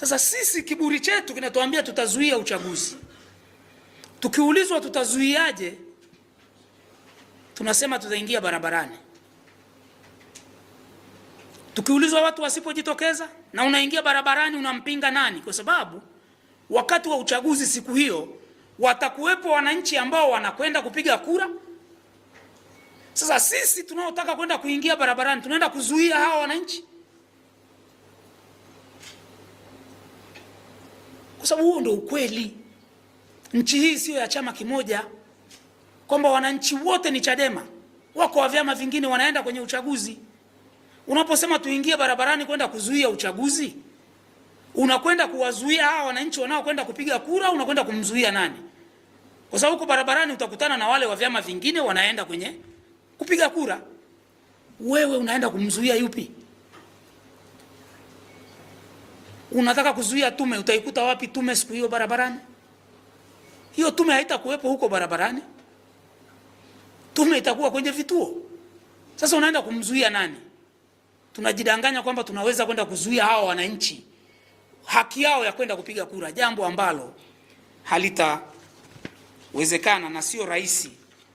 Sasa sisi kiburi chetu kinatuambia tutazuia uchaguzi. Tukiulizwa tutazuiaje, tunasema tutaingia barabarani. Tukiulizwa watu wasipojitokeza, na unaingia barabarani, unampinga nani? Kwa sababu wakati wa uchaguzi siku hiyo watakuwepo wananchi ambao wanakwenda kupiga kura. Sasa sisi tunaotaka kwenda kuingia barabarani, tunaenda kuzuia hawa wananchi? kwa sababu huo ndio ukweli. Nchi hii sio ya chama kimoja, kwamba wananchi wote ni Chadema, wako wa vyama vingine wanaenda kwenye uchaguzi. Unaposema tuingie barabarani kwenda kuzuia uchaguzi, unakwenda kuwazuia hawa wananchi wanaokwenda kupiga kura, unakwenda kumzuia nani? Kwa sababu huko barabarani utakutana na wale wa vyama vingine wanaenda kwenye kupiga kura, wewe unaenda kumzuia yupi? Unataka kuzuia tume, utaikuta wapi tume siku hiyo barabarani? Hiyo tume haitakuwepo huko barabarani, tume itakuwa kwenye vituo. Sasa unaenda kumzuia nani? Tunajidanganya kwamba tunaweza kwenda kuzuia hawa wananchi haki yao ya kwenda kupiga kura, jambo ambalo halitawezekana na sio rahisi